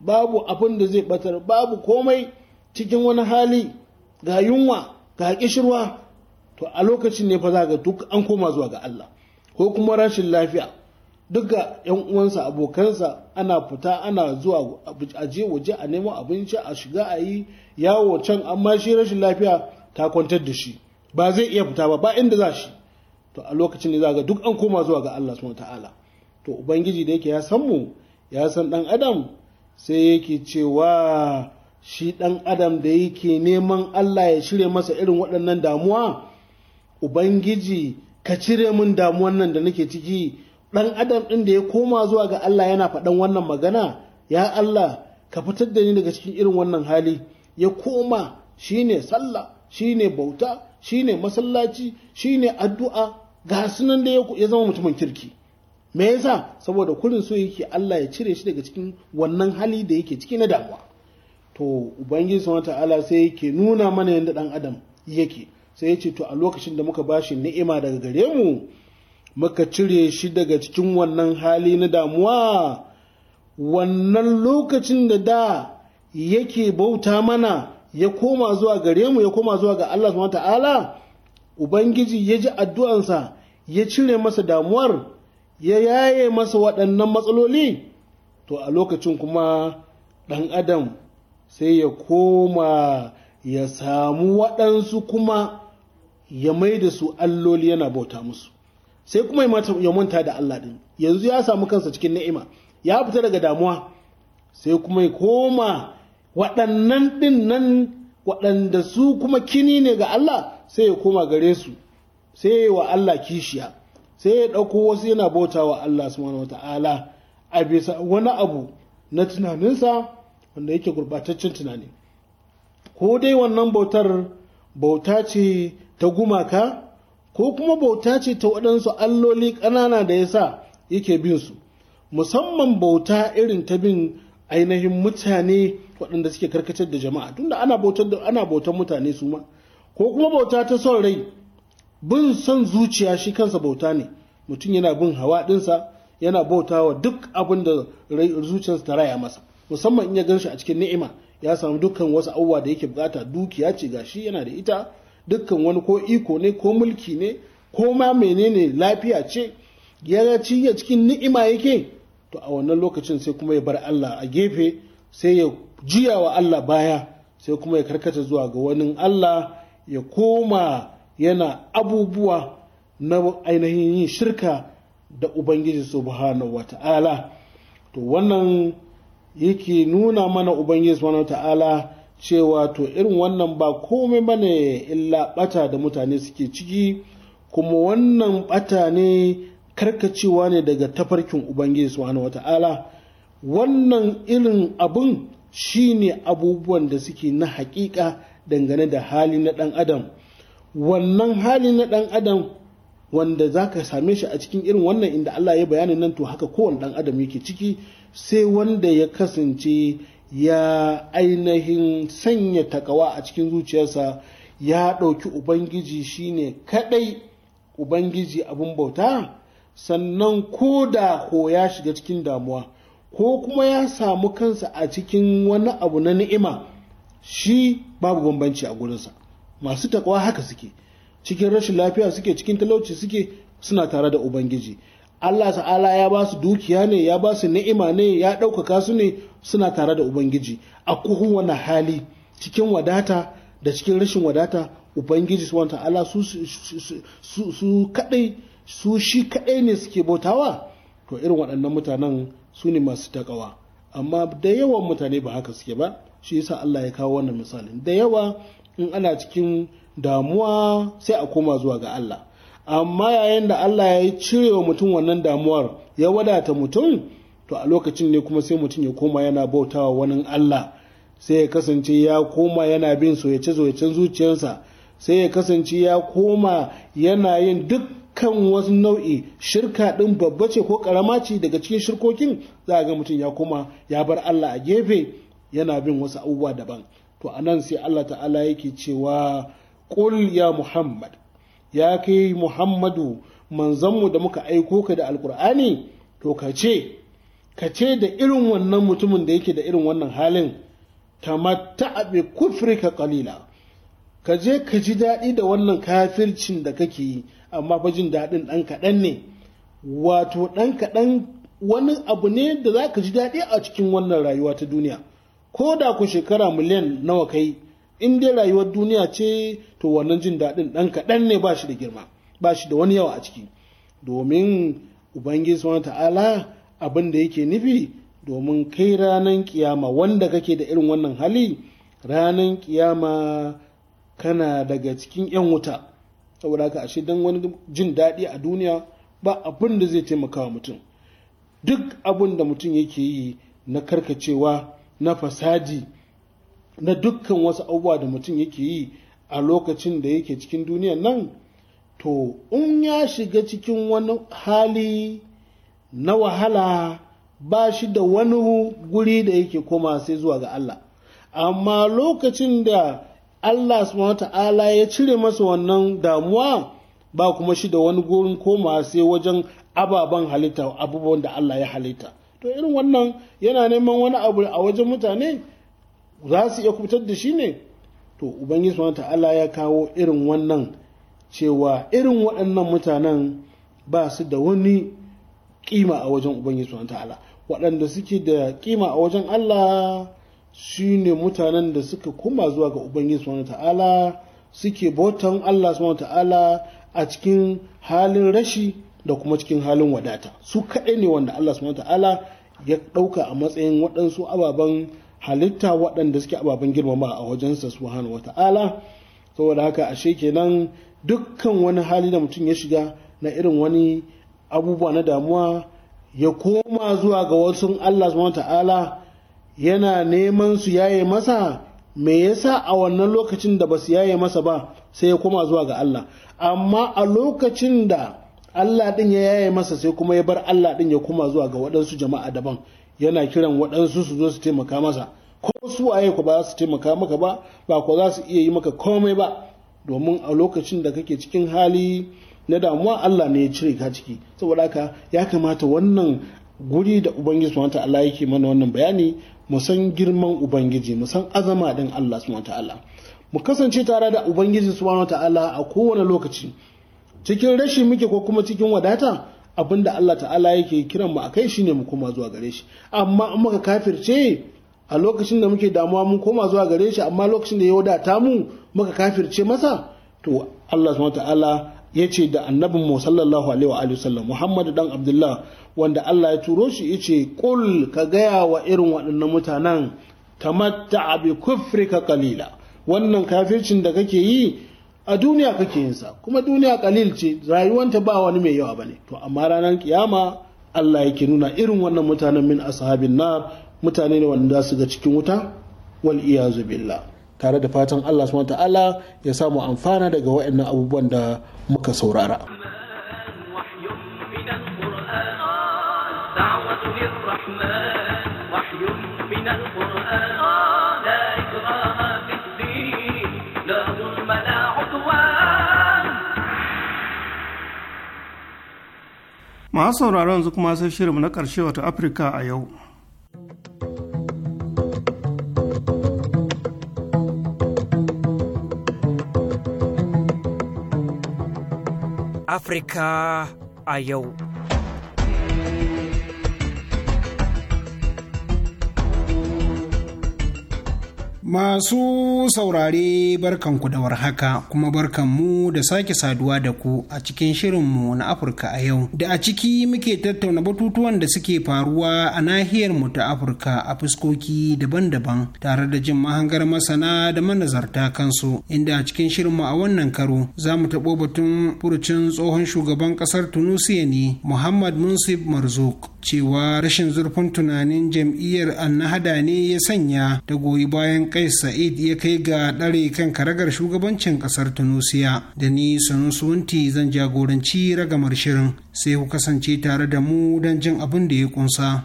babu abin da zai batar babu komai cikin wani hali ga yunwa ga kishirwa to a lokacin ne fa za ga duk an koma zuwa ga Allah ko kuma rashin lafiya duk ga yan uwansa abokansa ana fita ana zuwa a je waje a nemo abinci a shiga a yi yawo can amma shi rashin lafiya ta kwantar da shi ba zai iya fita ba ba inda za shi to a lokacin ne za ga duk an koma zuwa ga Allah subhanahu ta'ala to ubangiji da yake ya san mu ya san dan adam sai yake cewa shi dan adam da yake neman Allah ya shirye masa irin waɗannan damuwa ubangiji ka cire min damuwan nan da nake ciki ɗan adam ɗin da ya koma zuwa ga Allah yana faɗan wannan magana ya Allah ka fitar da ni daga cikin irin wannan hali ya koma shine sallah shine bauta shine masallaci shine addu'a ga sunan da ya zama mutumin kirki me yasa saboda kurin so yake Allah ya cire shi daga cikin wannan hali da yake ciki na damuwa to ubangiji subhanahu ta'ala sai yake nuna mana yadda ɗan adam yake sai ya ce to a lokacin da muka bashi ni'ima daga gare mu muka cire shi daga cikin wannan hali na damuwa wannan lokacin da da yake bauta mana ya koma zuwa gare mu ya koma zuwa ga Allah subhanahu ta'ala ubangiji ya ji addu'ansa ya cire masa damuwar ya yaye masa waɗannan matsaloli to a lokacin kuma ɗan adam sai ya koma ya samu waɗansu kuma ya mai da su alloli yana bauta musu sai kuma ya manta da Allah din yanzu ya samu kansa cikin ni'ima ya fita daga damuwa sai kuma ya koma waɗannan ɗin nan waɗanda su kuma kini ne ga Allah sai ya koma gare su sai wa Allah kishiya sai ya ɗauko wasu yana bauta wa Allah subhanahu wata'ala a bisa wani abu na tunaninsa wanda yake gurbataccen tunani ko dai wannan bautar bauta ce ta gumaka ko kuma bauta ce ta waɗansu alloli ƙanana da ya sa yake bin su musamman bauta irin ta bin ainihin mutane waɗanda suke karkatar da jama'a tunda ana bautar ana bautar mutane su ma ko kuma bauta ta son rai bin son zuciya shi kansa bauta ne mutum yana bin hawa ɗinsa yana bauta wa duk abin da zuciyarsa ta raya masa musamman in ya gan shi a cikin ni'ima ya samu dukkan wasu abubuwa da yake bukata dukiya ce ga shi yana da ita dukkan wani ko iko ne ko mulki ne ko ma menene lafiya ce ya ci ya cikin ni'ima yake to a wannan lokacin sai kuma ya bar Allah a gefe sai ya juya wa Allah baya sai kuma ya karkata zuwa ga wani Allah ya koma yana abubuwa na ainihin yin shirka da Ubangiji subhanahu wa ta'ala to wannan yake nuna mana Ubangiji subhanahu wa ta'ala cewa to irin wannan ba komai bane illa bata da mutane suke ciki kuma wannan bata ne karkacewa ne daga tafarkin ubangiji subhanahu wata'ala wannan irin abun shine abubuwan da suke na hakika dangane da hali na dan adam wannan hali na dan adam wanda za ka same shi a cikin irin wannan inda Allah ya bayani nan to haka kowane dan adam yake ciki sai wanda ya kasance ya ainihin sanya takawa a cikin zuciyarsa ya ɗauki ubangiji shine kaɗai ubangiji abin bauta sannan ko da ko ya shiga cikin damuwa ko kuma ya samu kansa a cikin wani abu na ni'ima shi babu bambanci a gurinsa masu takawa haka suke cikin rashin lafiya suke cikin talauci suke suna tare da ubangiji Allah ta'ala ya ba su dukiya ne ya ba su ni'ima ne ya ɗaukaka su ne suna tare da ubangiji a kowane hali cikin wadata da cikin rashin wadata ubangiji subhanahu ta'ala su su kadai su shi kadai ne suke bautawa to irin waɗannan mutanen su ne masu takawa amma da yawan mutane ba haka suke ba shi yasa Allah ya kawo wannan misalin da yawa in ana cikin damuwa sai a koma zuwa ga Allah amma yayin da Allah ya cire wa mutum wannan damuwar ya wadata mutum to a lokacin ne kuma sai mutum ya koma yana bautawa wani Allah sai ya kasance ya koma yana bin soyace soyacen zuciyarsa sai ya kasance ya koma yana yin dukkan wasu nau'i shirka din babba ce ko karama ce daga cikin shirkokin za a ga mutum ya koma ya bar Allah a gefe yana bin wasu abubuwa daban to anan sai Allah ta'ala yake cewa qul ya muhammad ya kai muhammadu manzanmu da muka aiko ka da alkur'ani to ka ce ka ce da irin wannan mutumin da yake da irin wannan halin ta tamatta bi ka kalila, ka je ka ji daɗi da wannan kafircin da kake yi amma fa jin daɗin ɗan kaɗan ne wato ɗan kaɗan wani abu ne da za ka ji daɗi a cikin wannan rayuwa ta duniya ko da ku shekara miliyan nawa kai in dai rayuwar duniya ce to wannan jin daɗin ɗan kaɗan ne ba shi da girma ba shi da wani yawa a ciki domin ubangiji subhanahu ta'ala abin da yake nufi domin kai ranan kiyama wanda kake da irin wannan hali ranan kiyama kana daga cikin 'yan wuta saboda haka ashe don wani jin daɗi a duniya ba abin da zai taimaka wa mutum duk abin da mutum yake yi na karkacewa na fasadi na dukkan wasu abubuwa da mutum yake yi a lokacin da yake cikin duniyan nan to in ya shiga cikin wani hali na wahala ba shi da wani guri da yake koma sai zuwa ga Allah amma lokacin da Allah subhanahu ta'ala ya cire masa wannan damuwa ba kuma shi da wani gurin koma sai wajen ababen halitta abubuwan da Allah ya halitta to irin wannan yana neman wani abu a wajen mutane za su iya kubutar da shi ne to ubangiji subhanahu ta'ala ya kawo irin wannan cewa irin waɗannan mutanen ba su da wani kima a wajen ubangiji subhanahu ta'ala waɗanda suke da kima a wajen Allah shine mutanen da suka koma zuwa ga ubangiji subhanahu ta'ala suke bautan Allah subhanahu ta'ala a cikin halin rashi da kuma cikin halin wadata su kaɗai ne wanda Allah subhanahu ta'ala ya ɗauka a matsayin waɗansu ababen halitta waɗanda suke ababen girmama a wajensa subhanahu wa ta'ala saboda haka ashe kenan dukkan wani hali da mutum ya shiga na irin wani abubuwa na damuwa ya koma zuwa ga wasu Allah subhanahu ta'ala yana neman su yaye masa me yasa a wannan lokacin da ba su yaye masa ba sai ya koma zuwa ga Allah amma a lokacin da Allah din ya yaye masa sai kuma ya bar Allah din ya koma zuwa ga waɗansu jama'a daban yana kiran waɗansu su zo su taimaka masa ko su waye ku ba za su taimaka maka ba ba ku za su iya yi maka komai ba domin a lokacin da kake cikin hali na damuwa Allah ne ya cire ka ciki saboda haka ya kamata wannan guri da ubangiji subhanahu ta'ala yake mana wannan bayani mu san girman ubangiji mu san azama din Allah subhanahu ta'ala mu kasance tare da ubangiji subhanahu ta'ala a kowane lokaci cikin rashi muke ko kuma cikin wadata abin da Allah ta'ala yake kiran mu a kai shine mu koma zuwa gare shi amma in muka kafirce a lokacin da muke damuwa mun koma zuwa gare shi amma lokacin da ya wadata mu muka kafirce masa to Allah subhanahu ta'ala ya ce da annabin mu sallallahu alaihi wa alihi sallam Muhammad dan Abdullah wanda Allah ya turo shi yace qul ka gaya wa irin waɗannan mutanen tamatta bi kufrika qalila wannan kafircin da kake yi a duniya kake yin sa kuma duniya kalil ce rayuwanta ba wani mai yawa bane to amma ranar kiyama Allah yake nuna irin wannan mutanen min ashabin nar mutane ne wanda su ga cikin wuta wal iyazu billah tare da fatan Allah subhanahu ta'ala ya samu amfana daga waɗannan abubuwan da muka saurara masu sauraro yanzu kuma sai shirinmu na ƙarshe wata afirka a yau afirka a yau Masu saurare barkanku da warhaka kuma barkanmu da sake saduwa da ku a cikin shirinmu na Afirka a yau. Da a ciki muke tattauna batutuwan da suke faruwa a nahiyar mu ta Afirka a fuskoki daban-daban tare da jin mahangar masana da manazarta kansu inda a cikin shirinmu a wannan karo za mu taɓo batun furucin tsohon shugaban ƙasar Tunusiya ne Muhammad Munsif Marzuk cewa rashin zurfin tunanin jam'iyyar annahada ne ya sanya da goyi bayan kai sa'id ya kai ga ɗare kan karagar shugabancin ƙasar tunusiya da ni sanusuwanti zan jagoranci ragamar shirin sai ku kasance tare da mu don jin abin da ya kunsa.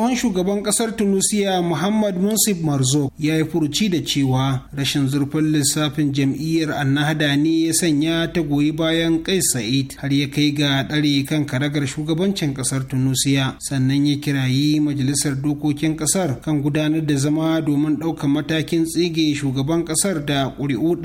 tsohon shugaban kasar tunisia muhammad munsif marzo ya yi furuci da cewa rashin zurfin lissafin jam'iyyar annahda ne ya sanya ta goyi bayan kai sa'id har ya kai ga ɗare kan karagar shugabancin kasar tunisia sannan ya kirayi majalisar dokokin kasar kan gudanar da zama domin ɗaukar matakin tsige shugaban kasar da ƙuri'u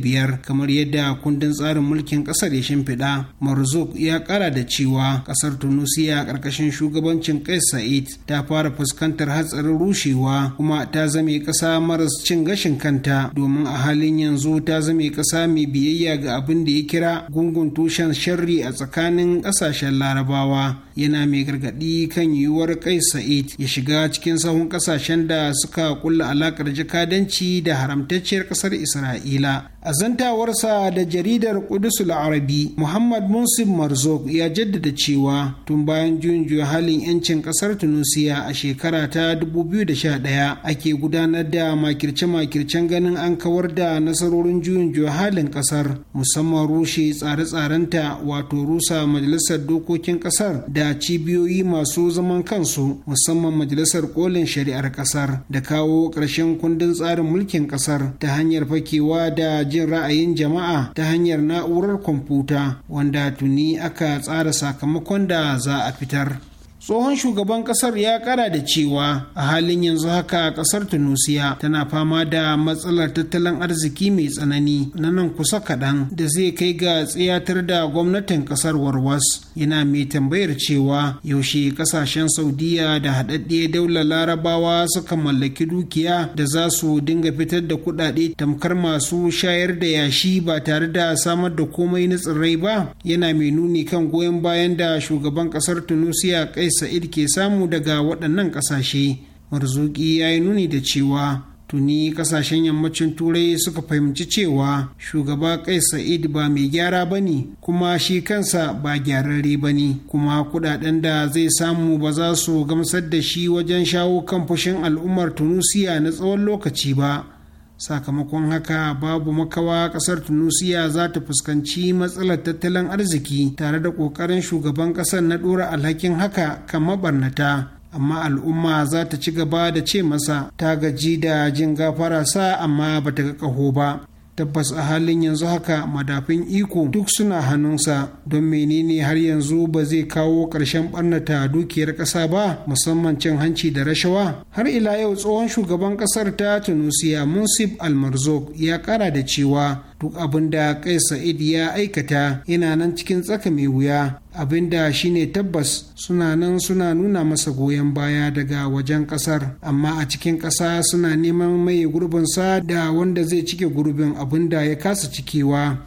biyar kamar yadda kundin tsarin mulkin kasar ya shimfiɗa marzuk ya ƙara da cewa kasar tunisia ƙarƙashin shugabancin kai Said ta fara fuskantar hatsarin rushewa kuma ta zame ƙasa maras cin gashin kanta domin a halin yanzu ta zame ƙasa mai biyayya ga abin da ya kira gungun tushen sharri a tsakanin ƙasashen larabawa yana mai gargaɗi kan yiwuwar kai sa'id ya shiga cikin sahun ƙasashen da suka kulla alakar jakadanci da haramtacciyar ƙasar isra'ila a zantawarsa da jaridar kudusul arabi muhammad munsif marzok ya jaddada cewa tun bayan juyin juya halin yancin ƙasar tunisia a shekara ta 2011 ake gudanar da makirce-makircen ganin an kawar da nasarorin juyin juya halin ƙasar musamman rushe tsare-tsarenta wato rusa majalisar dokokin ƙasar da da cibiyoyi masu zaman kansu musamman majalisar kolin shari'ar kasar da kawo ƙarshen kundin tsarin mulkin kasar ta hanyar fakewa da jin ra'ayin jama'a ta hanyar na'urar kwamfuta wanda tuni aka tsara sakamakon da za a fitar. tsohon shugaban kasar ya kara da cewa a halin yanzu haka kasar tunisia tana fama da matsalar tattalin arziki mai tsanani na nan kusa kaɗan da zai kai ga tsayatar da gwamnatin kasar warwas yana mai tambayar cewa yaushe kasashen saudiya da haɗaɗɗe daular larabawa suka mallaki dukiya da za su dinga fitar da kuɗaɗe tamkar masu shayar da yashi ba tare da samar da komai na tsirrai ba yana mai nuni kan goyon bayan da shugaban kasar tunisia kai sa'id ke samu daga waɗannan ƙasashe marzuki ya yi nuni da cewa tuni ƙasashen yammacin turai suka fahimci cewa shugaba kai sa'id ba mai gyara ba ne kuma shi kansa ba gyararre ba ne kuma kudaden da zai samu ba za su gamsar da shi wajen shawo kan fushin al'ummar tunusiya na tsawon lokaci ba sakamakon haka babu makawa kasar tunisia za ta fuskanci matsalar tattalin arziki tare da ƙoƙarin shugaban ƙasar na ɗora alhakin haka kan mabarnata amma al'umma za ta ci gaba da ce masa ta gaji da jin gafara sa amma ba ta ga ƙaho ba tabbas a halin yanzu haka madafin iko duk suna hannunsa don menene har yanzu ba zai kawo ƙarshen ɓarnata dukiyar ƙasa ba musamman cin hanci da rashawa har ila yau tsohon shugaban ƙasar ta tunusiya munsif almarzok ya ƙara da cewa duk abin da kai sa'id ya aikata yana nan cikin tsaka mai wuya abin da shi ne tabbas suna nan suna nuna masa goyon baya daga wajen kasar amma a cikin ƙasa suna neman maye gurbinsa da wanda zai cike gurbin abin da ya kasa cikewa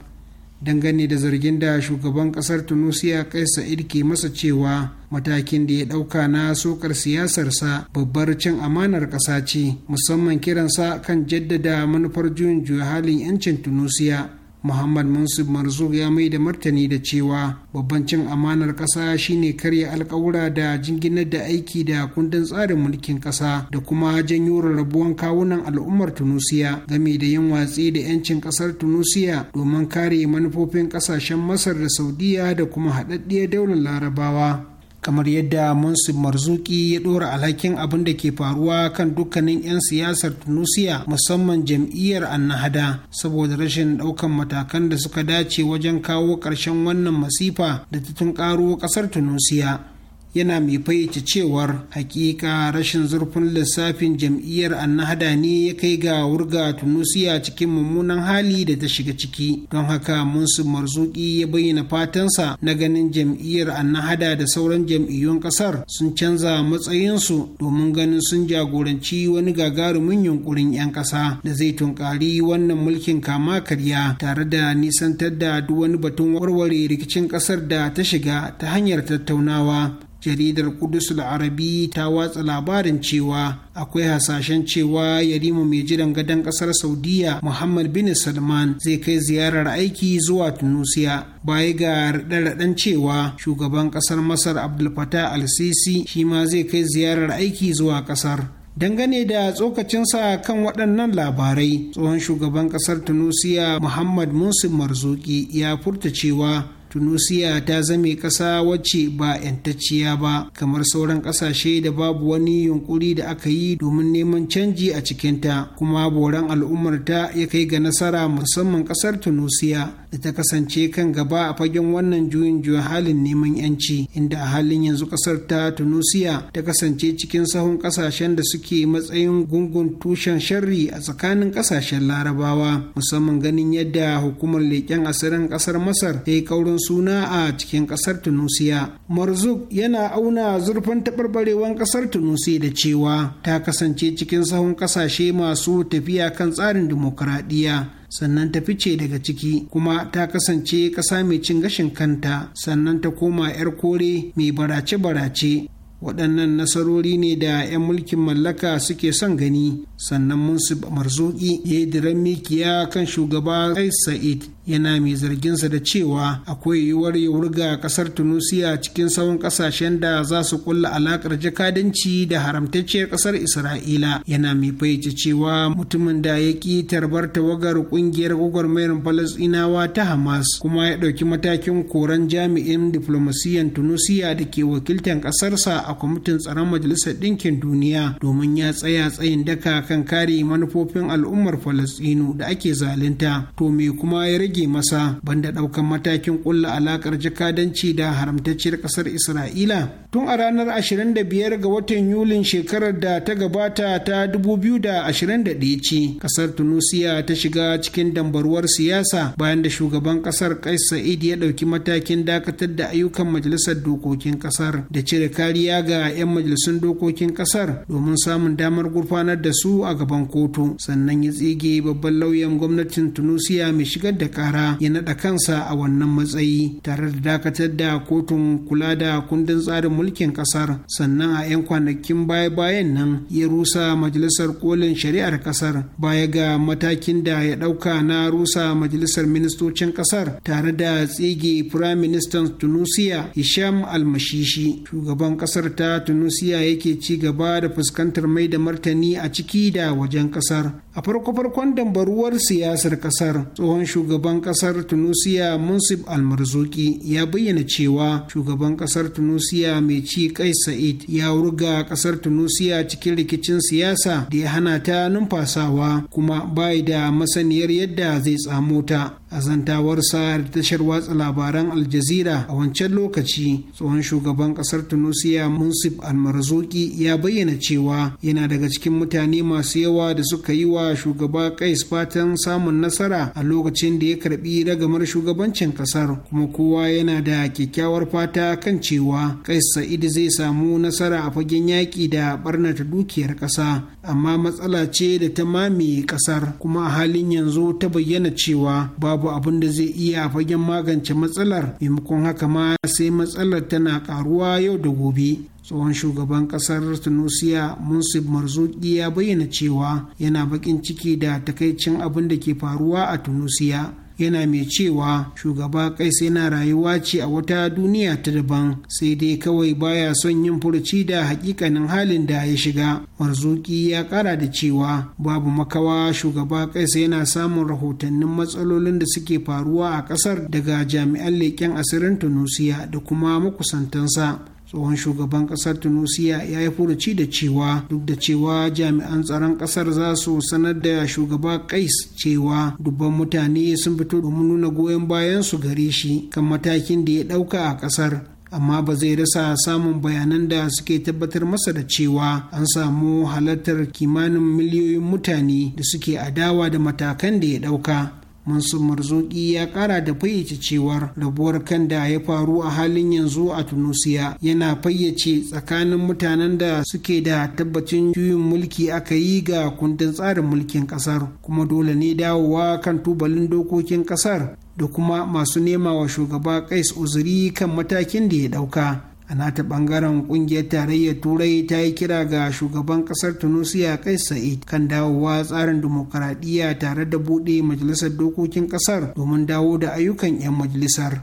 dangane da zargin da shugaban kasar tunisia kai sa'id ke masa cewa matakin da ya ɗauka na sokar siyasarsa babbar cin amanar ƙasa ce musamman kiransa kan jaddada manufar juyin juya halin 'yancin tunisia muhammad mansub marzuk ya mai da martani da cewa babban cin amanar ƙasa shine karya alkawura da jinginar da aiki da kundin tsarin mulkin ƙasa da kuma janyo rarrabuwan kawunan al'ummar tunusiya game da yin watsi da 'yancin ƙasar tunusiya domin kare manufofin ƙasashen masar da saudiya da kuma haɗaɗɗiyar daular larabawa kamar yadda Munsif Marzuki ya ɗora alhakin abin da ke faruwa kan dukkanin 'yan siyasar Tunusiya musamman jam'iyyar Annahada saboda rashin daukan matakan da suka dace wajen kawo ƙarshen wannan masifa da ta tunkaro ƙasar Tunusiya. yana mai fayyace cewar hakika rashin zurfin lissafin jam'iyyar annahada ne ya kai ga wurga tunusiya cikin mummunan hali da ta shiga ciki don haka munsu marzuki ya bayyana fatansa na ganin jam'iyyar annahada da sauran jam'iyyun kasar sun canza matsayinsu domin ganin sun jagoranci wani gagarumin yunkurin 'yan kasa da zai tunkari wannan mulkin kama karya tare da nisantar da duk wani batun warware rikicin kasar da ta shiga ta hanyar tattaunawa jaridar kudus arabi ta watsa labarin cewa akwai hasashen cewa yarima mai jiran gadon kasar saudiya muhammad bin salman zai kai ziyarar aiki zuwa tunusiya baya ga raɗe cewa shugaban kasar masar abdul al-sisi shi ma zai kai ziyarar aiki zuwa kasar dangane da tsokacinsa kan waɗannan labarai tsohon shugaban ƙasar tunusiya muhammad musin marzuki ya furta cewa tunisia ta zame ƙasa wacce ba 'yantacciya ba kamar sauran ƙasashe da babu wani yunkuri da aka yi domin neman canji a cikinta kuma boran al'ummarta ya kai ga nasara musamman ƙasar tunisia da ta kasance kan gaba a fagen wannan juyin juyin halin neman 'yanci inda a halin yanzu ƙasar ta tunisia ta kasance cikin sahun ƙasashen da suke matsayin gungun tushen sharri a tsakanin ƙasashen larabawa musamman ganin yadda hukumar leƙen asirin ƙasar masar ta yi kaurin suna a cikin ƙasar Tunusiya. Marzuk yana auna zurfin taɓarɓarewan ƙasar Tunusiya da cewa ta kasance cikin sahun ƙasashe masu tafiya kan tsarin dimokuraɗiyya. sannan ta fice daga ciki kuma ta kasance ƙasa mai cin gashin kanta sannan ta koma 'yar kore mai barace-barace waɗannan nasarori ne da 'yan mulkin mallaka suke son gani sannan munsu marzuki ya yi diran mikiya kan shugaba Kais Sa'id yana mai zarginsa da cewa akwai yiwuwar ya wurga kasar tunisia cikin sauran kasashen da za su kulla alakar jakadanci da haramtacciyar kasar isra'ila yana mai fahimci cewa mutumin da ya ki tarbar tawagar kungiyar gwagwarmayar falasinawa ta hamas kuma ya ɗauki matakin koran jami'in diflomasiyan tunisia da ke wakiltar kasarsa a kwamitin tsaron majalisar ɗinkin duniya domin ya tsaya tsayin daka kan kare manufofin al'ummar falasinu da ake zalunta to me kuma ya rage rage masa banda ɗaukan matakin ƙulla alakar jakadanci da haramtacciyar ƙasar Isra'ila. Tun a ranar 25 ga watan Yulin shekarar da ta gabata ta 2021 ce, ƙasar Tunusiya ta shiga cikin dambarwar siyasa bayan da shugaban ƙasar Kais Sa'id ya ɗauki matakin dakatar da ayyukan majalisar dokokin ƙasar da cire kariya ga 'yan majalisun dokokin ƙasar domin samun damar gurfanar da su a gaban kotu sannan ya tsige babban lauyan gwamnatin Tunusiya mai shigar da ƙara ya naɗa kansa a wannan matsayi tare da dakatar da kotun kula da kundin tsarin mulkin ƙasar sannan a 'yan kwanakin baya-bayan nan ya rusa majalisar kolin shari'ar ƙasar baya ga matakin da ya ɗauka na rusa majalisar ministocin ƙasar tare da tsige firayim ministan tunusia hisham almashishi shugaban ƙasar ta tunusia yake ci gaba da fuskantar mai da martani a ciki da wajen ƙasar a farko-farkon dambaruwar siyasar ƙasar tsohon shugaban shugaban kasar tunisia munsif almarzuki ya bayyana cewa shugaban kasar tunisia mai ci kai sa'id ya wurga kasar tunisia cikin rikicin siyasa da ya hana ta numfasawa kuma bai da masaniyar yadda zai tsamo ta a zantawarsa da tashar watsa labaran aljazira a wancan lokaci tsohon shugaban kasar tunisia munsif almarzuki ya bayyana cewa yana daga cikin mutane masu yawa da suka yi wa shugaba kais fatan samun nasara a lokacin da ya karbi ragamar shugabancin kasar kuma kowa yana da kyakkyawar fata kan cewa kais sa'id zai samu nasara a fagen yaƙi da barnata dukiyar ƙasa amma matsala ce da ta mame ƙasar kuma a halin yanzu ta bayyana cewa babu abin da zai iya fagen magance matsalar maimakon haka ma sai matsalar tana karuwa yau da gobe tsohon shugaban kasar tunisia munsif marzuki ya bayyana cewa yana bakin ciki da takaicin abin da ke faruwa a tunisia yana mai cewa shugaba sai na rayuwa ce a wata duniya ta daban sai dai kawai baya son yin furci da hakikanin halin da ya shiga marzuki ya kara da cewa babu makawa shugaba sai yana samun rahotannin matsalolin da suke faruwa a kasar daga jami'an leken asirin tunusiya da kuma makusantansa tsohon shugaban kasar tunisia ya yi furuci da cewa duk da cewa jami'an tsaron kasar za su sanar da shugaba kais cewa dubban mutane sun fito domin nuna goyon bayan su gare shi kan matakin da ya ɗauka a kasar amma ba zai rasa samun bayanan da suke tabbatar masa da cewa an samu halartar kimanin miliyoyin mutane da suke adawa da matakan da ya ɗauka mansur marzoki ya kara da fayyace cewar rabuwar kan da ya faru a halin yanzu a tunusiya yana fayyace tsakanin mutanen da suke da tabbacin juyin mulki aka yi ga kundin tsarin mulkin kasar kuma dole ne dawowa kan tubalin dokokin kasar da kuma masu nema wa shugaba kais uzuri kan matakin da ya dauka a nata bangaren kungiyar tarayyar turai ta yi kira ga shugaban kasar tunisia kai sa'id kan dawowa tsarin dimokuraɗiyya tare da buɗe majalisar dokokin kasar domin dawo da ayyukan 'yan majalisar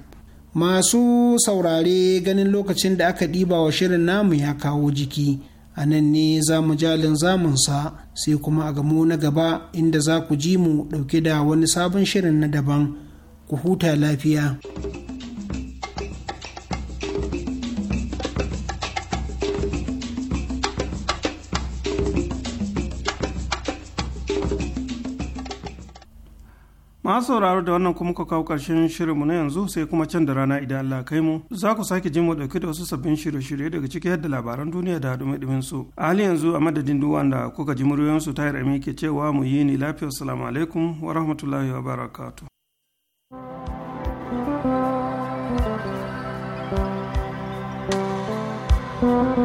masu saurare ganin lokacin da aka ɗiba wa shirin namu ya kawo jiki a nan ne za mu jalin zamunsa sai kuma a gamo na gaba inda za ku ji mu ɗauke da wani sabon shirin na daban ku huta lafiya. masu sauraro da wannan kuma ka kawo ƙarshen shirinmu na yanzu sai kuma can da rana idan Allah kai mu za ku sake jin mu dauke da wasu sabbin shirye-shirye daga ciki yadda labaran duniya da dumi-dumin su a halin yanzu a madadin duk wanda kuka ji muryoyin su tayar ami ke cewa mu yi ni lafiya assalamu alaikum wa rahmatullahi wa barakatuh thank you